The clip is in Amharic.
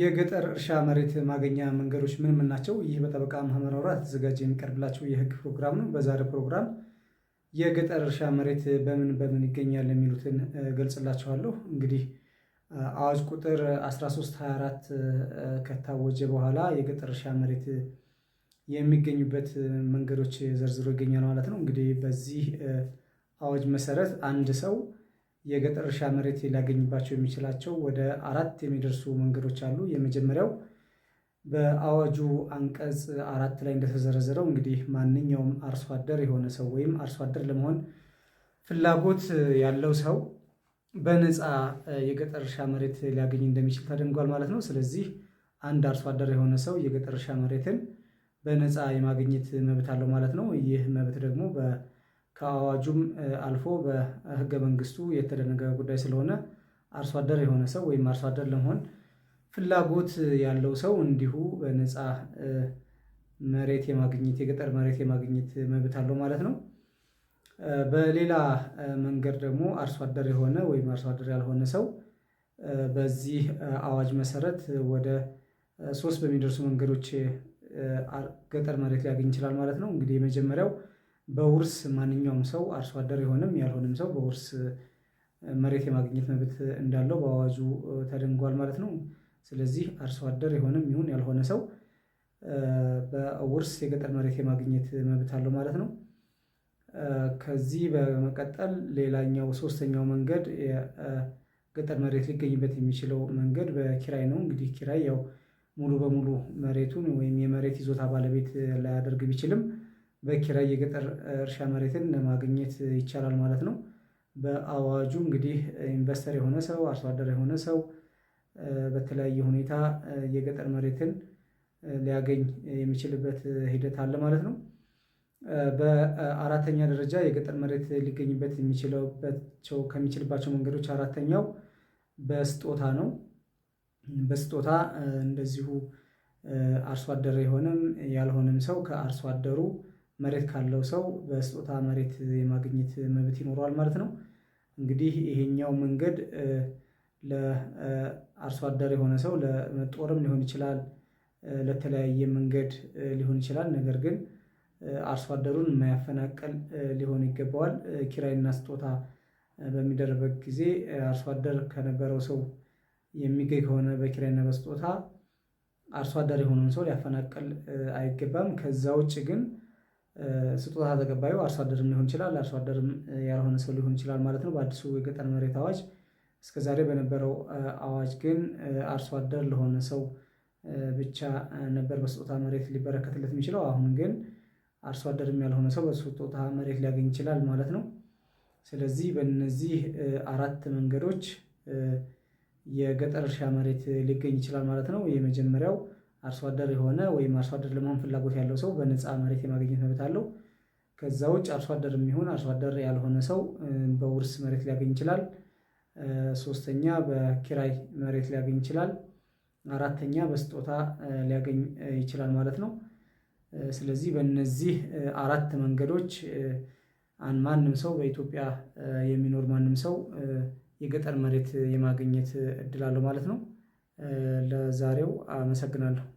የገጠር እርሻ መሬት ማገኛ መንገዶች ምን ምን ናቸው? ይህ በጠበቃ ማህመር አውራ ተዘጋጀ የሚቀርብላቸው የህግ ፕሮግራም ነው። በዛሬ ፕሮግራም የገጠር እርሻ መሬት በምን በምን ይገኛል የሚሉትን ገልጽላችኋለሁ። እንግዲህ አዋጅ ቁጥር 1324 ከታወጀ በኋላ የገጠር እርሻ መሬት የሚገኙበት መንገዶች ዘርዝሮ ይገኛል ማለት ነው። እንግዲህ በዚህ አዋጅ መሰረት አንድ ሰው የገጠር እርሻ መሬት ሊያገኝባቸው የሚችላቸው ወደ አራት የሚደርሱ መንገዶች አሉ። የመጀመሪያው በአዋጁ አንቀጽ አራት ላይ እንደተዘረዘረው እንግዲህ ማንኛውም አርሶ አደር የሆነ ሰው ወይም አርሶ አደር ለመሆን ፍላጎት ያለው ሰው በነፃ የገጠር እርሻ መሬት ሊያገኝ እንደሚችል ተደንጓል ማለት ነው። ስለዚህ አንድ አርሶ አደር የሆነ ሰው የገጠር እርሻ መሬትን በነፃ የማግኘት መብት አለው ማለት ነው። ይህ መብት ደግሞ ከአዋጁም አልፎ በህገ መንግስቱ የተደነገ ጉዳይ ስለሆነ አርሶ አደር የሆነ ሰው ወይም አርሶ አደር ለመሆን ፍላጎት ያለው ሰው እንዲሁ በነፃ መሬት የማግኘት የገጠር መሬት የማግኘት መብት አለው ማለት ነው። በሌላ መንገድ ደግሞ አርሶ አደር የሆነ ወይም አርሶ አደር ያልሆነ ሰው በዚህ አዋጅ መሰረት ወደ ሶስት በሚደርሱ መንገዶች ገጠር መሬት ሊያገኝ ይችላል ማለት ነው። እንግዲህ የመጀመሪያው በውርስ ማንኛውም ሰው አርሶ አደር የሆነም ያልሆነም ሰው በውርስ መሬት የማግኘት መብት እንዳለው በአዋጁ ተደንጓል ማለት ነው። ስለዚህ አርሶ አደር የሆነም ይሁን ያልሆነ ሰው በውርስ የገጠር መሬት የማግኘት መብት አለው ማለት ነው። ከዚህ በመቀጠል ሌላኛው ሶስተኛው መንገድ የገጠር መሬት ሊገኝበት የሚችለው መንገድ በኪራይ ነው። እንግዲህ ኪራይ ያው ሙሉ በሙሉ መሬቱን ወይም የመሬት ይዞታ ባለቤት ላያደርግ ቢችልም በኪራይ የገጠር እርሻ መሬትን ማግኘት ይቻላል ማለት ነው። በአዋጁ እንግዲህ ኢንቨስተር የሆነ ሰው አርሶ አደር የሆነ ሰው በተለያየ ሁኔታ የገጠር መሬትን ሊያገኝ የሚችልበት ሂደት አለ ማለት ነው። በአራተኛ ደረጃ የገጠር መሬት ሊገኝበት የሚችለውባቸው ከሚችልባቸው መንገዶች አራተኛው በስጦታ ነው። በስጦታ እንደዚሁ አርሶ አደር የሆነም ያልሆነም ሰው ከአርሶ አደሩ መሬት ካለው ሰው በስጦታ መሬት የማግኘት መብት ይኖረዋል ማለት ነው። እንግዲህ ይሄኛው መንገድ ለአርሶ አደር የሆነ ሰው ለጦርም ሊሆን ይችላል ለተለያየ መንገድ ሊሆን ይችላል። ነገር ግን አርሶ አደሩን የማያፈናቅል ሊሆን ይገባዋል። ኪራይና ስጦታ በሚደረበት ጊዜ አርሶ አደር ከነበረው ሰው የሚገኝ ከሆነ በኪራይና በስጦታ አርሶ አደር የሆነውን ሰው ሊያፈናቅል አይገባም። ከዛ ውጭ ግን ስጦታ ተቀባዩ አርሶ አደርም ሊሆን ይችላል፣ አርሶ አደርም ያልሆነ ሰው ሊሆን ይችላል ማለት ነው። በአዲሱ የገጠር መሬት አዋጅ እስከዛሬ በነበረው አዋጅ ግን አርሶ አደር ለሆነ ሰው ብቻ ነበር በስጦታ መሬት ሊበረከትለት የሚችለው። አሁን ግን አርሶ አደርም ያልሆነ ሰው በስጦታ መሬት ሊያገኝ ይችላል ማለት ነው። ስለዚህ በእነዚህ አራት መንገዶች የገጠር እርሻ መሬት ሊገኝ ይችላል ማለት ነው። የመጀመሪያው አርሶ አደር የሆነ ወይም አርሶ አደር ለመሆን ፍላጎት ያለው ሰው በነፃ መሬት የማግኘት መብት አለው። ከዛ ውጭ አርሶ አደር የሚሆን አርሶ አደር ያልሆነ ሰው በውርስ መሬት ሊያገኝ ይችላል። ሶስተኛ በኪራይ መሬት ሊያገኝ ይችላል። አራተኛ በስጦታ ሊያገኝ ይችላል ማለት ነው። ስለዚህ በእነዚህ አራት መንገዶች ማንም ሰው በኢትዮጵያ የሚኖር ማንም ሰው የገጠር መሬት የማግኘት እድል አለው ማለት ነው። ለዛሬው አመሰግናለሁ።